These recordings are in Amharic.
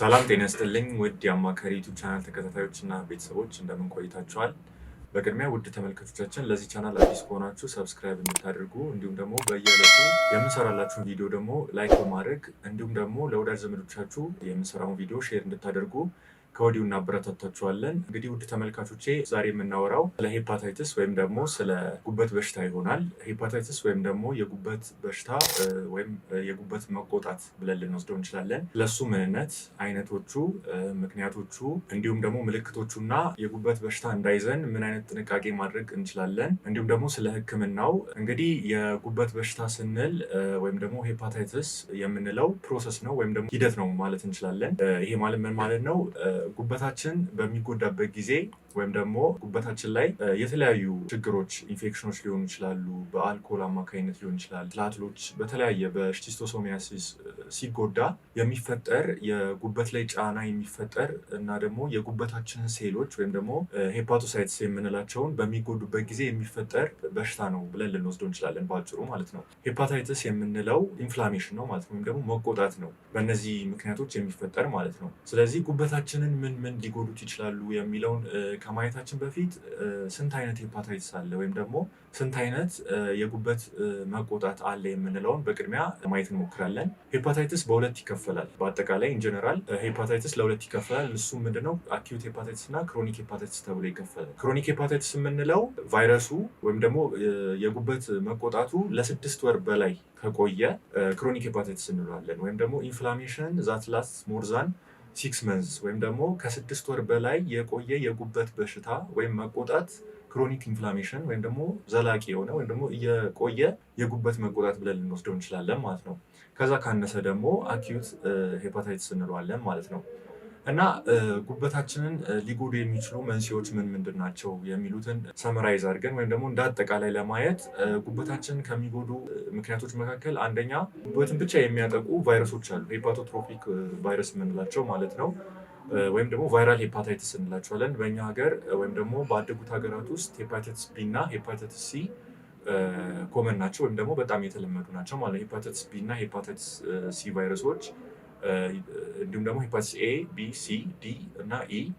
ሰላም ጤና ይስጥልኝ ውድ የአማካሪ ዩቱብ ቻናል ተከታታዮች እና ቤተሰቦች እንደምን ቆይታችኋል? በቅድሚያ ውድ ተመልካቾቻችን ለዚህ ቻናል አዲስ ከሆናችሁ ሰብስክራይብ እንድታደርጉ እንዲሁም ደግሞ በየዕለቱ የምንሰራላችሁን ቪዲዮ ደግሞ ላይክ በማድረግ እንዲሁም ደግሞ ለወዳጅ ዘመዶቻችሁ የምንሰራውን ቪዲዮ ሼር እንድታደርጉ ከወዲሁ እናበረታታችኋለን። እንግዲህ ውድ ተመልካቾቼ ዛሬ የምናወራው ስለ ሄፓታይትስ ወይም ደግሞ ስለ ጉበት በሽታ ይሆናል። ሄፓታይትስ ወይም ደግሞ የጉበት በሽታ ወይም የጉበት መቆጣት ብለን ልንወስደው እንችላለን። ለሱ ምንነት፣ አይነቶቹ፣ ምክንያቶቹ እንዲሁም ደግሞ ምልክቶቹና የጉበት በሽታ እንዳይዘን ምን አይነት ጥንቃቄ ማድረግ እንችላለን እንዲሁም ደግሞ ስለ ሕክምናው እንግዲህ የጉበት በሽታ ስንል ወይም ደግሞ ሄፓታይትስ የምንለው ፕሮሰስ ነው ወይም ደግሞ ሂደት ነው ማለት እንችላለን። ይሄ ማለት ምን ማለት ነው? ጉበታችን በሚጎዳበት ጊዜ ወይም ደግሞ ጉበታችን ላይ የተለያዩ ችግሮች ኢንፌክሽኖች ሊሆኑ ይችላሉ። በአልኮል አማካኝነት ሊሆን ይችላል። ትላትሎች በተለያየ በሽቲስቶሶሚያሲስ ሲጎዳ የሚፈጠር የጉበት ላይ ጫና የሚፈጠር እና ደግሞ የጉበታችንን ሴሎች ወይም ደግሞ ሄፓቶሳይትስ የምንላቸውን በሚጎዱበት ጊዜ የሚፈጠር በሽታ ነው ብለን ልንወስደው እንችላለን፣ በአጭሩ ማለት ነው። ሄፓታይትስ የምንለው ኢንፍላሜሽን ነው ማለት ነው፣ ወይም ደግሞ መቆጣት ነው፣ በእነዚህ ምክንያቶች የሚፈጠር ማለት ነው። ስለዚህ ጉበታችንን ምን ምን ሊጎዱት ይችላሉ የሚለውን ከማየታችን በፊት ስንት አይነት ሄፓታይትስ አለ ወይም ደግሞ ስንት አይነት የጉበት መቆጣት አለ የምንለውን በቅድሚያ ማየት እንሞክራለን። ሄፓታይትስ በሁለት ይከፈላል። በአጠቃላይ ኢንጀነራል ሄፓታይትስ ለሁለት ይከፈላል። እሱ ምንድነው? አኪዩት ሄፓታይትስ እና ክሮኒክ ሄፓታይትስ ተብሎ ይከፈላል። ክሮኒክ ሄፓታይትስ የምንለው ቫይረሱ ወይም ደግሞ የጉበት መቆጣቱ ለስድስት ወር በላይ ከቆየ ክሮኒክ ሄፓታይትስ እንለዋለን። ወይም ደግሞ ኢንፍላሜሽን ዛት ላስት ሲክስ መንዝ ወይም ደግሞ ከስድስት ወር በላይ የቆየ የጉበት በሽታ ወይም መቆጣት ክሮኒክ ኢንፍላሜሽን ወይም ደግሞ ዘላቂ የሆነ ወይም ደግሞ የቆየ የጉበት መቆጣት ብለን ልንወስደው እንችላለን ማለት ነው። ከዛ ካነሰ ደግሞ አኪዩት ሄፓታይትስ እንለዋለን ማለት ነው። እና ጉበታችንን ሊጎዱ የሚችሉ መንስኤዎች ምን ምንድን ናቸው የሚሉትን ሰመራይዝ አድርገን ወይም ደግሞ እንደ አጠቃላይ ለማየት ጉበታችንን ከሚጎዱ ምክንያቶች መካከል አንደኛ ጉበትን ብቻ የሚያጠቁ ቫይረሶች አሉ። ሄፓቶትሮፒክ ቫይረስ የምንላቸው ማለት ነው። ወይም ደግሞ ቫይራል ሄፓታይትስ እንላቸዋለን በእኛ ሀገር ወይም ደግሞ ባደጉት ሀገራት ውስጥ ሄፓታይትስ ቢ እና ሄፓታይትስ ሲ ኮመን ናቸው ወይም ደግሞ በጣም የተለመዱ ናቸው ማለት ሄፓታይትስ ቢ እና ሄፓታይትስ ሲ ቫይረሶች uh, jumlah muhipas A, B, C, D, na, E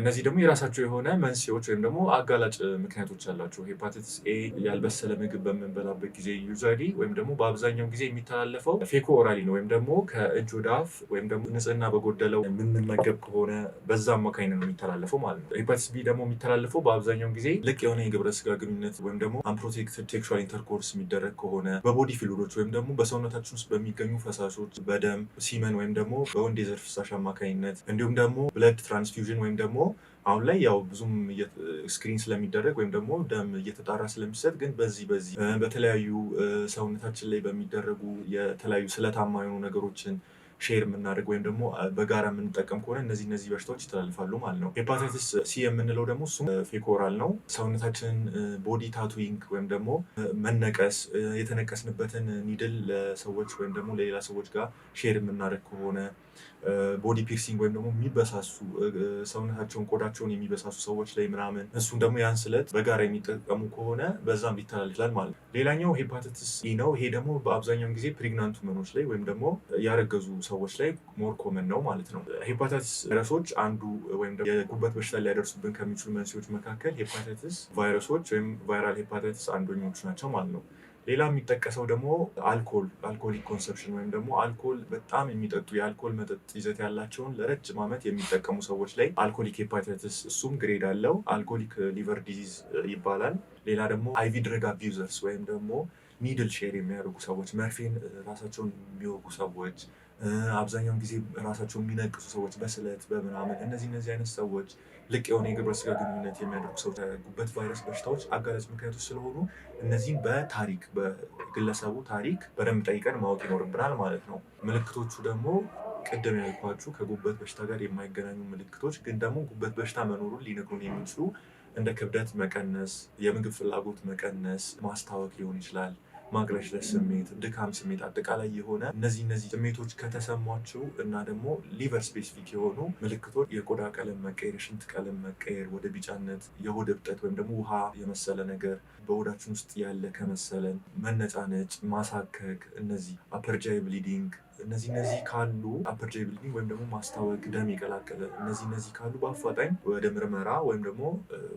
እነዚህ ደግሞ የራሳቸው የሆነ መንስኤዎች ወይም ደግሞ አጋላጭ ምክንያቶች አላቸው። ሄፓቲትስ ኤ ያልበሰለ ምግብ በምንበላበት ጊዜ ዩዛሊ ወይም ደግሞ በአብዛኛው ጊዜ የሚተላለፈው ፌኮ ኦራሊ ነው ወይም ደግሞ ከእጅ ወደ አፍ ወይም ደግሞ ንጽህና በጎደለው የምንመገብ ከሆነ በዛ አማካኝነት ነው የሚተላለፈው ማለት ነው። ሄፓቲትስ ቢ ደግሞ የሚተላለፈው በአብዛኛው ጊዜ ልቅ የሆነ የግብረ ስጋ ግንኙነት ወይም ደግሞ አንፕሮቴክትድ ሴክሹዋል ኢንተርኮርስ የሚደረግ ከሆነ በቦዲ ፊሉዶች ወይም ደግሞ በሰውነታችን ውስጥ በሚገኙ ፈሳሾች በደም ሲመን ወይም ደግሞ በወንድ የዘር ፍሳሽ አማካኝነት እንዲሁም ደግሞ ብለድ ትራንስፊውዥን ወይም ደግሞ አሁን ላይ ያው ብዙም ስክሪን ስለሚደረግ ወይም ደግሞ ደም እየተጣራ ስለሚሰጥ ግን በዚህ በዚህ በተለያዩ ሰውነታችን ላይ በሚደረጉ የተለያዩ ስለታማ የሆኑ ነገሮችን ሼር የምናደርግ ወይም ደግሞ በጋራ የምንጠቀም ከሆነ እነዚህ እነዚህ በሽታዎች ይተላልፋሉ ማለት ነው። ሄፓታይትስ ሲ የምንለው ደግሞ እሱም ፌኮራል ነው። ሰውነታችንን ቦዲ ታቱዊንግ ወይም ደግሞ መነቀስ፣ የተነቀስንበትን ኒድል ለሰዎች ወይም ደግሞ ለሌላ ሰዎች ጋር ሼር የምናደርግ ከሆነ ቦዲ ፒርሲንግ ወይም ደግሞ የሚበሳሱ ሰውነታቸውን ቆዳቸውን የሚበሳሱ ሰዎች ላይ ምናምን እሱን ደግሞ ያን ስለት በጋራ የሚጠቀሙ ከሆነ በዛም ሊተላለፍ ይችላል ማለት ነው። ሌላኛው ሄፓታይተስ ኢ ነው። ይሄ ደግሞ በአብዛኛውን ጊዜ ፕሬግናንት ውመኖች ላይ ወይም ደግሞ ያረገዙ ሰዎች ላይ ሞር ኮመን ነው ማለት ነው። ሄፓታይተስ ቫይረሶች አንዱ ወይም የጉበት በሽታ ሊያደርሱብን ከሚችሉ መንስኤዎች መካከል ሄፓታይተስ ቫይረሶች ወይም ቫይራል ሄፓታይተስ አንዱኞቹ ናቸው ማለት ነው። ሌላ የሚጠቀሰው ደግሞ አልኮል አልኮሊክ ኮንሰፕሽን ወይም ደግሞ አልኮል በጣም የሚጠጡ የአልኮል መጠጥ ይዘት ያላቸውን ለረጅም ዓመት የሚጠቀሙ ሰዎች ላይ አልኮሊክ ሄፓታይተስ እሱም ግሬድ አለው። አልኮሊክ ሊቨር ዲዚዝ ይባላል። ሌላ ደግሞ አይቪ ድረግ አቢዩዘርስ ወይም ደግሞ ኒድል ሼር የሚያደርጉ ሰዎች መርፌን ራሳቸውን የሚወጉ ሰዎች አብዛኛውን ጊዜ ራሳቸው የሚነቅሱ ሰዎች በስለት በምናምን እነዚህ እነዚህ አይነት ሰዎች ልቅ የሆነ የግብረ ስጋ ግንኙነት የሚያደርጉ ሰው ጉበት ቫይረስ በሽታዎች አጋላጭ ምክንያቶች ስለሆኑ እነዚህም በታሪክ በግለሰቡ ታሪክ በደንብ ጠይቀን ማወቅ ይኖርብናል ማለት ነው። ምልክቶቹ ደግሞ ቅድም ያልኳችሁ ከጉበት በሽታ ጋር የማይገናኙ ምልክቶች ግን ደግሞ ጉበት በሽታ መኖሩን ሊነግሩን የሚችሉ እንደ ክብደት መቀነስ፣ የምግብ ፍላጎት መቀነስ፣ ማስታወክ ሊሆን ይችላል ማቅለሽለሽ ስሜት፣ ድካም ስሜት፣ አጠቃላይ የሆነ እነዚህ እነዚህ ስሜቶች ከተሰሟቸው እና ደግሞ ሊቨር ስፔሲፊክ የሆኑ ምልክቶች የቆዳ ቀለም መቀየር፣ የሽንት ቀለም መቀየር ወደ ቢጫነት፣ የሆድ እብጠት ወይም ደግሞ ውሃ የመሰለ ነገር በሆዳችን ውስጥ ያለ ከመሰለን መነጫነጭ፣ ማሳከክ፣ እነዚህ አፐርጃይ ብሊዲንግ እነዚህ እነዚህ ካሉ አፐር ብሊዲንግ ወይም ደግሞ ማስታወክ፣ ደም የቀላቀለ እነዚህ እነዚህ ካሉ በአፋጣኝ ወደ ምርመራ ወይም ደግሞ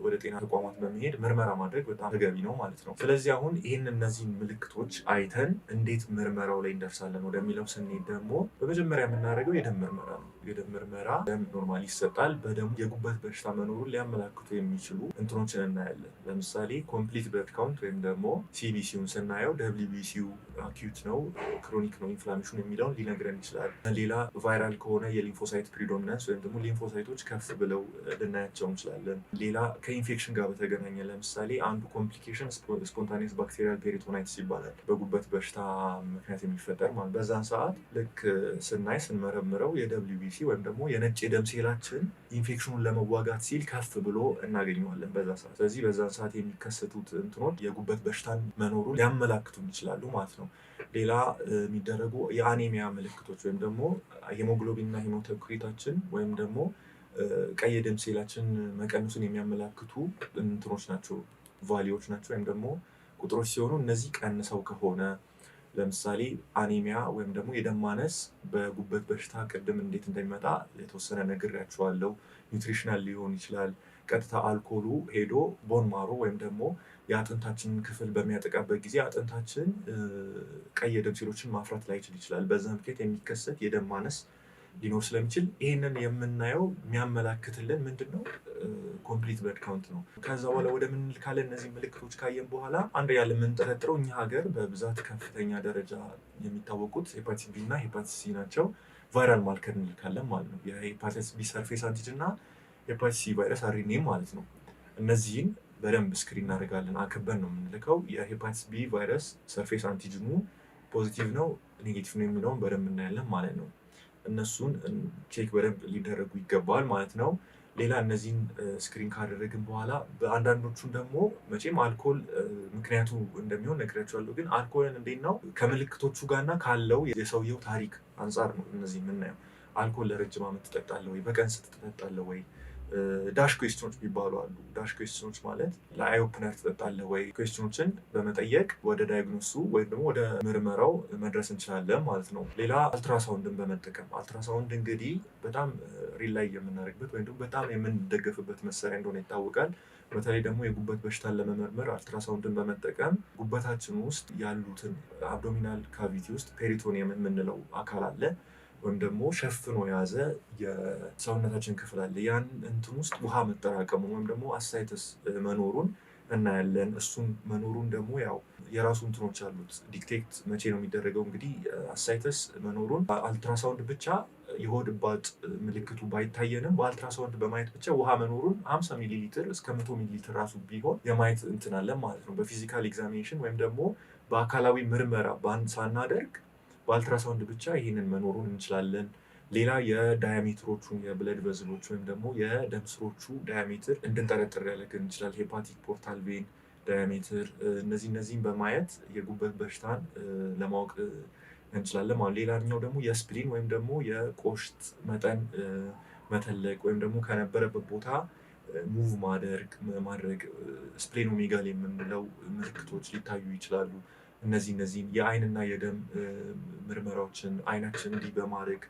ወደ ጤና ተቋማት በመሄድ ምርመራ ማድረግ በጣም ተገቢ ነው ማለት ነው። ስለዚህ አሁን ይህን እነዚህን ምልክቶች አይተን እንዴት ምርመራው ላይ እንደርሳለን ወደሚለው ስንሄድ ደግሞ በመጀመሪያ የምናደርገው የደም ምርመራ ነው። የደም ምርመራ ደም ኖርማል ይሰጣል። በደሙ የጉበት በሽታ መኖሩን ሊያመላክቱ የሚችሉ እንትኖችን እናያለን። ለምሳሌ ኮምፕሊት ብለድ ካውንት ወይም ደግሞ ሲቢሲውን ስናየው ደብሊቢሲው አኪዩት ነው ክሮኒክ ነው ኢንፍላሜሽን የሚለው የሚለውን ሊነግረን ይችላል። ሌላ ቫይራል ከሆነ የሊንፎሳይት ፕሪዶሚናንስ ወይም ደግሞ ሊንፎሳይቶች ከፍ ብለው ልናያቸው እንችላለን። ሌላ ከኢንፌክሽን ጋር በተገናኘ ለምሳሌ አንዱ ኮምፕሊኬሽን ስፖንታኒየስ ባክቴሪያል ፔሪቶናይትስ ይባላል። በጉበት በሽታ ምክንያት የሚፈጠር ማለት በዛን ሰዓት ልክ ስናይ ስንመረምረው የደብሊቢሲ ወይም ደግሞ የነጭ የደም ሴላችን ኢንፌክሽኑን ለመዋጋት ሲል ከፍ ብሎ እናገኘዋለን በዛ ሰዓት። ስለዚህ በዛን ሰዓት የሚከሰቱት እንትኖች የጉበት በሽታን መኖሩን ሊያመላክቱን ይችላሉ ማለት ነው። ሌላ የሚደረጉ የአኔሚያ የአኒሚያ ምልክቶች ወይም ደግሞ ሄሞግሎቢን እና ሄሞቶክሪታችን ወይም ደግሞ ቀይ ደም ሴላችን መቀነሱን የሚያመላክቱ እንትኖች ናቸው፣ ቫሊዎች ናቸው ወይም ደግሞ ቁጥሮች ሲሆኑ እነዚህ ቀንሰው ከሆነ ለምሳሌ አኒሚያ ወይም ደግሞ የደም ማነስ በጉበት በሽታ ቅድም እንዴት እንደሚመጣ የተወሰነ ነግሬያችኋለሁ። ኒውትሪሽናል ሊሆን ይችላል። ቀጥታ አልኮሉ ሄዶ ቦን ማሮ ወይም ደግሞ የአጥንታችንን ክፍል በሚያጠቃበት ጊዜ አጥንታችን ቀይ የደም ሴሎችን ማፍራት ላይችል ይችላል። በዛ ምክንያት የሚከሰት የደም ማነስ ሊኖር ስለሚችል ይህንን የምናየው የሚያመላክትልን ምንድን ነው? ኮምፕሊት ብለድ ካውንት ነው። ከዛ በኋላ ወደ ምንል ካለ እነዚህ ምልክቶች ካየን በኋላ አንድ ያለ የምንጠረጥረው እኛ ሀገር በብዛት ከፍተኛ ደረጃ የሚታወቁት ሄፓቲስ ቢ እና ሄፓቲስ ሲ ናቸው። ቫይራል ማልከር እንልካለን ማለት ነው። የሄፓቲስ ቢ ሰርፌስ አንቲጅን እና የሄፓታይተስ ሲ ቫይረስ አሪኔም ማለት ነው። እነዚህን በደንብ ስክሪን እናደርጋለን። አክበን ነው የምንልከው። የሄፓታይተስ ቢ ቫይረስ ሰርፌስ አንቲጅኑ ፖዚቲቭ ነው ኔጌቲቭ ነው የሚለውን በደንብ እናያለን ማለት ነው። እነሱን ቼክ በደንብ ሊደረጉ ይገባል ማለት ነው። ሌላ እነዚህን ስክሪን ካደረግን በኋላ በአንዳንዶቹን ደግሞ መቼም አልኮል ምክንያቱ እንደሚሆን ነግሬያቸዋለሁ። ግን አልኮልን እንዴት ነው ከምልክቶቹ ጋርና ካለው የሰውየው ታሪክ አንጻር ነው እነዚህ የምናየው። አልኮል ለረጅም ዓመት ትጠጣለህ ወይ? በቀን ስትጠጣለህ ወይ? ዳሽ ኩዌስችኖች የሚባሉ አሉ። ዳሽ ኩዌስችኖች ማለት ለአይ ኦፕነር ትጠጣለህ ወይ ኩዌስችኖችን በመጠየቅ ወደ ዳያግኖሱ ወይም ደግሞ ወደ ምርመራው መድረስ እንችላለን ማለት ነው። ሌላ አልትራሳውንድን በመጠቀም አልትራሳውንድ እንግዲህ በጣም ሪል ላይ የምናደርግበት ወይም ደግሞ በጣም የምንደገፍበት መሳሪያ እንደሆነ ይታወቃል። በተለይ ደግሞ የጉበት በሽታን ለመመርመር አልትራሳውንድን በመጠቀም ጉበታችን ውስጥ ያሉትን አብዶሚናል ካቪቲ ውስጥ ፔሪቶኒየም የምንለው አካል አለ ወይም ደግሞ ሸፍኖ የያዘ የሰውነታችን ክፍል አለ። ያን እንትን ውስጥ ውሃ መጠራቀሙን ወይም ደግሞ አሳይተስ መኖሩን እናያለን። እሱን መኖሩን ደግሞ ያው የራሱ እንትኖች አሉት። ዲክቴክት መቼ ነው የሚደረገው? እንግዲህ አሳይተስ መኖሩን አልትራሳውንድ ብቻ የሆድ ምልክቱ ባይታየንም በአልትራሳውንድ በማየት ብቻ ውሃ መኖሩን 50 ሚሊ ሊትር እስከ 100 ሚሊ ሊትር ራሱ ቢሆን የማየት እንትን ማለት ነው። በፊዚካል ኤግዛሚኔሽን ወይም ደግሞ በአካላዊ ምርመራ ሳናደርግ በአልትራሳውንድ ብቻ ይህንን መኖሩን እንችላለን። ሌላ የዳያሜትሮቹ የብለድ ቨዝሎች ወይም ደግሞ የደም ስሮቹ ዳያሜትር እንድንጠረጥር ሊያደርገን ይችላል። ሄፓቲክ ፖርታል ቬን ዳያሜትር፣ እነዚህ እነዚህን በማየት የጉበት በሽታን ለማወቅ እንችላለን ማለት። ሌላኛው ደግሞ የስፕሊን ወይም ደግሞ የቆሽት መጠን መተለቅ ወይም ደግሞ ከነበረበት ቦታ ሙቭ ማድረግ ማድረግ ስፕሌኖሜጋል የምንለው ምልክቶች ሊታዩ ይችላሉ። እነዚህ እነዚህን የአይንና የደም ምርመራዎችን አይናችን እንዲህ በማድረግ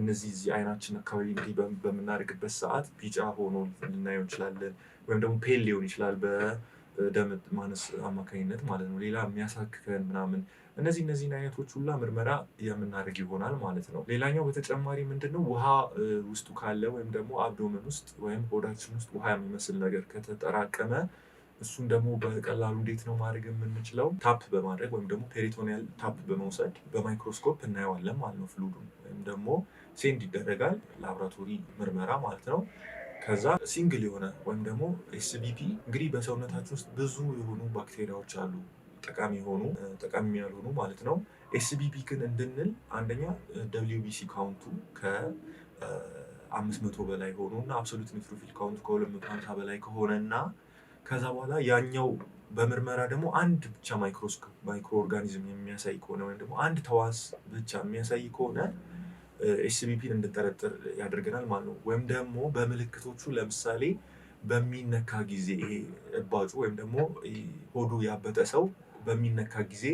እነዚህ እዚህ አይናችን አካባቢ እንዲህ በምናደርግበት ሰዓት ቢጫ ሆኖ ልናየው እንችላለን። ወይም ደግሞ ፔል ሊሆን ይችላል በደም ማነስ አማካኝነት ማለት ነው። ሌላ የሚያሳክከን ምናምን እነዚህ እነዚህን አይነቶች ሁላ ምርመራ የምናደርግ ይሆናል ማለት ነው። ሌላኛው በተጨማሪ ምንድን ነው ውሃ ውስጡ ካለ ወይም ደግሞ አብዶመን ውስጥ ወይም ሆዳችን ውስጥ ውሃ የሚመስል ነገር ከተጠራቀመ እሱን ደግሞ በቀላሉ እንዴት ነው ማድረግ የምንችለው? ታፕ በማድረግ ወይም ደግሞ ፔሪቶኒያል ታፕ በመውሰድ በማይክሮስኮፕ እናየዋለን ማለት ነው። ፍሉዱን ወይም ደግሞ ሴንድ ይደረጋል ላብራቶሪ ምርመራ ማለት ነው። ከዛ ሲንግል የሆነ ወይም ደግሞ ኤስቢፒ እንግዲህ በሰውነታችን ውስጥ ብዙ የሆኑ ባክቴሪያዎች አሉ ጠቃሚ የሆኑ ጠቃሚ ያልሆኑ ማለት ነው። ኤስቢፒ ግን እንድንል አንደኛ ደብሊው ቢሲ ካውንቱ ከአምስት መቶ በላይ ሆኖ እና አብሶሉት ኒትሮፊል ካውንቱ ከሁለት መቶ ሀምሳ በላይ ከሆነ እና ከዛ በኋላ ያኛው በምርመራ ደግሞ አንድ ብቻ ማይክሮ ኦርጋኒዝም የሚያሳይ ከሆነ ወይም ደግሞ አንድ ተዋስ ብቻ የሚያሳይ ከሆነ ኤስሲቢፒን እንድንጠረጥር ያደርገናል ማለት ነው። ወይም ደግሞ በምልክቶቹ ለምሳሌ በሚነካ ጊዜ ይሄ እባጩ ወይም ደግሞ ሆዱ ያበጠ ሰው በሚነካ ጊዜ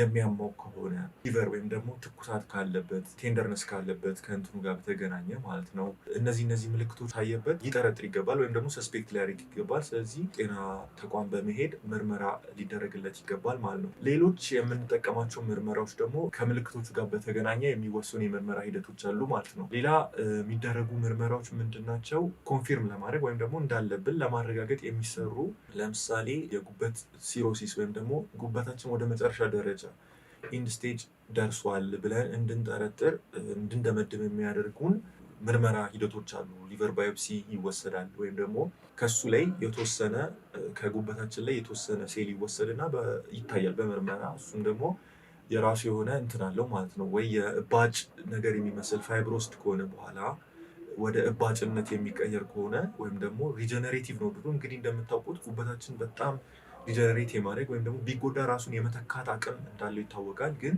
የሚያማው ከሆነ ፊቨር ወይም ደግሞ ትኩሳት ካለበት ቴንደርነስ ካለበት ከእንትኑ ጋር በተገናኘ ማለት ነው እነዚህ እነዚህ ምልክቶች ታየበት ይጠረጥር ይገባል ወይም ደግሞ ሰስፔክት ሊያደርግ ይገባል። ስለዚህ ጤና ተቋም በመሄድ ምርመራ ሊደረግለት ይገባል ማለት ነው። ሌሎች የምንጠቀማቸው ምርመራዎች ደግሞ ከምልክቶቹ ጋር በተገናኘ የሚወሰኑ የምርመራ ሂደቶች አሉ ማለት ነው። ሌላ የሚደረጉ ምርመራዎች ምንድናቸው? ኮንፊርም ለማድረግ ወይም ደግሞ እንዳለብን ለማረጋገጥ የሚሰሩ ለምሳሌ የጉበት ሲሮሲስ ወይም ደግሞ ጉበታችን ወደ መጨረሻ ደረጃ ኢንድ ስቴጅ ደርሷል ብለን እንድንጠረጥር እንድንደመድም የሚያደርጉን ምርመራ ሂደቶች አሉ። ሊቨር ባዮፕሲ ይወሰዳል ወይም ደግሞ ከሱ ላይ የተወሰነ ከጉበታችን ላይ የተወሰነ ሴል ይወሰድና ይታያል በምርመራ እሱም ደግሞ የራሱ የሆነ እንትን አለው ማለት ነው። ወይ የእባጭ ነገር የሚመስል ፋይብሮስት ከሆነ በኋላ ወደ እባጭነት የሚቀየር ከሆነ ወይም ደግሞ ሪጀነሬቲቭ ነው ብሎ እንግዲህ እንደምታውቁት ጉበታችን በጣም ዲጀነሬት የማድረግ ወይም ደግሞ ቢጎዳ ራሱን የመተካት አቅም እንዳለው ይታወቃል። ግን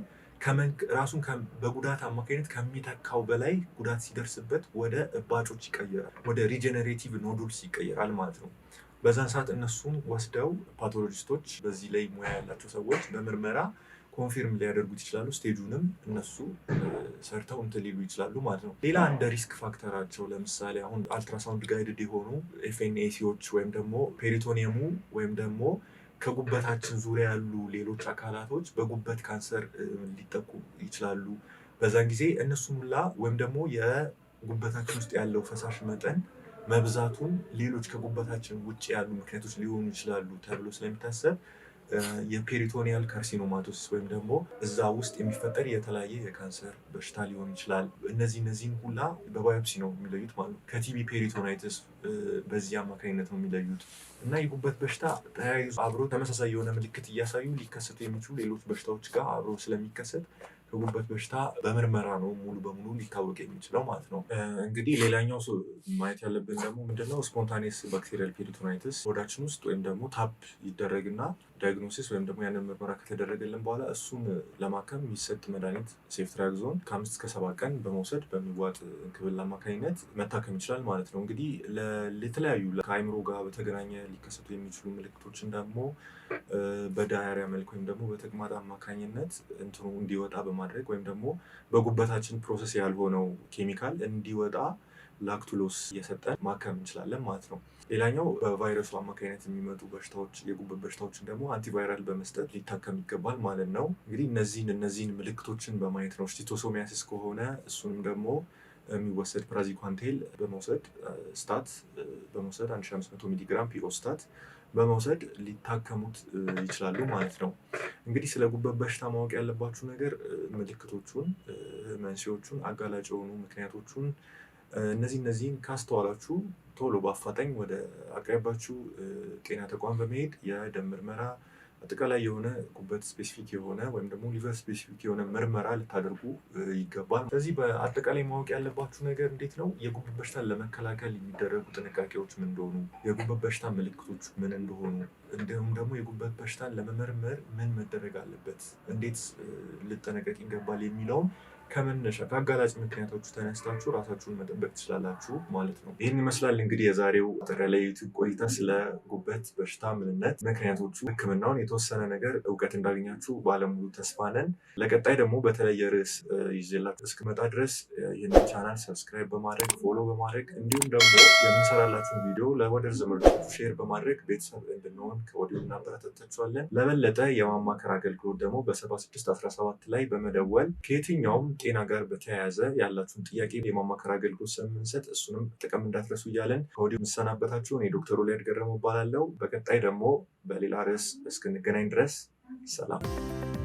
ራሱን በጉዳት አማካኝነት ከሚተካው በላይ ጉዳት ሲደርስበት ወደ እባጮች ይቀየራል፣ ወደ ሪጀነሬቲቭ ኖዶልስ ይቀየራል ማለት ነው። በዛን ሰዓት እነሱን ወስደው ፓቶሎጂስቶች፣ በዚህ ላይ ሙያ ያላቸው ሰዎች በምርመራ ኮንፊርም ሊያደርጉት ይችላሉ። ስቴጁንም እነሱ ሰርተው እንትን ሊሉ ይችላሉ ማለት ነው። ሌላ እንደ ሪስክ ፋክተራቸው ለምሳሌ አሁን አልትራሳውንድ ጋይድድ የሆኑ ኤፍኤንኤሲዎች ወይም ደግሞ ፔሪቶኒየሙ ወይም ደግሞ ከጉበታችን ዙሪያ ያሉ ሌሎች አካላቶች በጉበት ካንሰር ሊጠቁ ይችላሉ። በዛን ጊዜ እነሱ ሙላ ወይም ደግሞ የጉበታችን ውስጥ ያለው ፈሳሽ መጠን መብዛቱን ሌሎች ከጉበታችን ውጭ ያሉ ምክንያቶች ሊሆኑ ይችላሉ ተብሎ ስለሚታሰብ የፔሪቶኒያል ካርሲኖማቶስ ወይም ደግሞ እዛ ውስጥ የሚፈጠር የተለያየ የካንሰር በሽታ ሊሆን ይችላል። እነዚህ እነዚህን ሁላ በባዮፕሲ ነው የሚለዩት ማለት ነው። ከቲቢ ፔሪቶናይትስ በዚህ አማካኝነት ነው የሚለዩት እና የጉበት በሽታ ተያይዞ አብሮ ተመሳሳይ የሆነ ምልክት እያሳዩ ሊከሰቱ የሚችሉ ሌሎች በሽታዎች ጋር አብሮ ስለሚከሰት ከጉበት በሽታ በምርመራ ነው ሙሉ በሙሉ ሊታወቅ የሚችለው ማለት ነው። እንግዲህ ሌላኛው ማየት ያለብን ደግሞ ምንድነው ስፖንታኔስ ባክቴሪያል ፔሪቶናይትስ ወዳችን ውስጥ ወይም ደግሞ ታፕ ይደረግና ዳያግኖሲስ ወይም ደግሞ ያንን ምርመራ ከተደረገልን በኋላ እሱን ለማከም የሚሰጥ መድኃኒት ሴፍትሪያክዞን ከአምስት እስከ ሰባ ቀን በመውሰድ በሚዋጥ እንክብል አማካኝነት መታከም ይችላል ማለት ነው። እንግዲህ ለተለያዩ ከአይምሮ ጋር በተገናኘ ሊከሰቱ የሚችሉ ምልክቶችን ደግሞ በዳያሪያ መልክ ወይም ደግሞ በተቅማጥ አማካኝነት እንትኑ እንዲወጣ በማድረግ ወይም ደግሞ በጉበታችን ፕሮሰስ ያልሆነው ኬሚካል እንዲወጣ ላክቱሎስ እየሰጠን ማከም እንችላለን ማለት ነው። ሌላኛው በቫይረሱ አማካኝነት የሚመጡ በሽታዎች፣ የጉበት በሽታዎችን ደግሞ አንቲቫይራል በመስጠት ሊታከም ይገባል ማለት ነው። እንግዲህ እነዚህን እነዚህን ምልክቶችን በማየት ነው ስቲቶሶሚያሲስ ከሆነ እሱንም ደግሞ የሚወሰድ ፕራዚኳንቴል በመውሰድ ስታት በመውሰድ 1500 ሚሊግራም ፒኦ ስታት በመውሰድ ሊታከሙት ይችላሉ ማለት ነው። እንግዲህ ስለ ጉበት በሽታ ማወቅ ያለባችሁ ነገር ምልክቶቹን፣ መንስኤዎቹን፣ አጋላጭ የሆኑ ምክንያቶቹን እነዚህ እነዚህን ካስተዋላችሁ ቶሎ በአፋጣኝ ወደ አቅራቢያችሁ ጤና ተቋም በመሄድ የደም ምርመራ አጠቃላይ የሆነ ጉበት ስፔሲፊክ የሆነ ወይም ደግሞ ሊቨር ስፔሲፊክ የሆነ ምርመራ ልታደርጉ ይገባል። ስለዚህ በአጠቃላይ ማወቅ ያለባችሁ ነገር እንዴት ነው የጉበት በሽታን ለመከላከል የሚደረጉ ጥንቃቄዎች ምን እንደሆኑ፣ የጉበት በሽታ ምልክቶች ምን እንደሆኑ፣ እንዲሁም ደግሞ የጉበት በሽታን ለመመርመር ምን መደረግ አለበት፣ እንዴት ልጠነቀቅ ይገባል የሚለውም ከመነሻ ከአጋላጭ ምክንያቶቹ ተነስታችሁ ራሳችሁን መጠበቅ ትችላላችሁ ማለት ነው። ይህን ይመስላል እንግዲህ የዛሬው አጠቃላይ ዩቱብ ቆይታ ስለ ጉበት በሽታ ምንነት፣ ምክንያቶቹ፣ ህክምናውን የተወሰነ ነገር እውቀት እንዳገኛችሁ ባለሙሉ ተስፋ ነን። ለቀጣይ ደግሞ በተለየ ርዕስ ይዤላችሁ እስክመጣ ድረስ ይህንን ቻናል ሰብስክራይብ በማድረግ ፎሎ በማድረግ እንዲሁም ደግሞ የምንሰራላችሁን ቪዲዮ ለወደር ዘመዶቻችሁ ሼር በማድረግ ቤተሰብ እንድንሆን ከወዲሁ እናበረታታችኋለን። ለበለጠ የማማከር አገልግሎት ደግሞ በ7617 ላይ በመደወል ከየትኛውም ጤና ጋር በተያያዘ ያላችሁን ጥያቄ የማማከር አገልግሎት ስለምንሰጥ እሱንም ጥቅም እንዳትረሱ እያለን ከወዲሁ የምሰናበታችሁ እኔ ዶክተሩ ላይ ያድገረሙ እባላለሁ። በቀጣይ ደግሞ በሌላ ርዕስ እስክንገናኝ ድረስ ሰላም።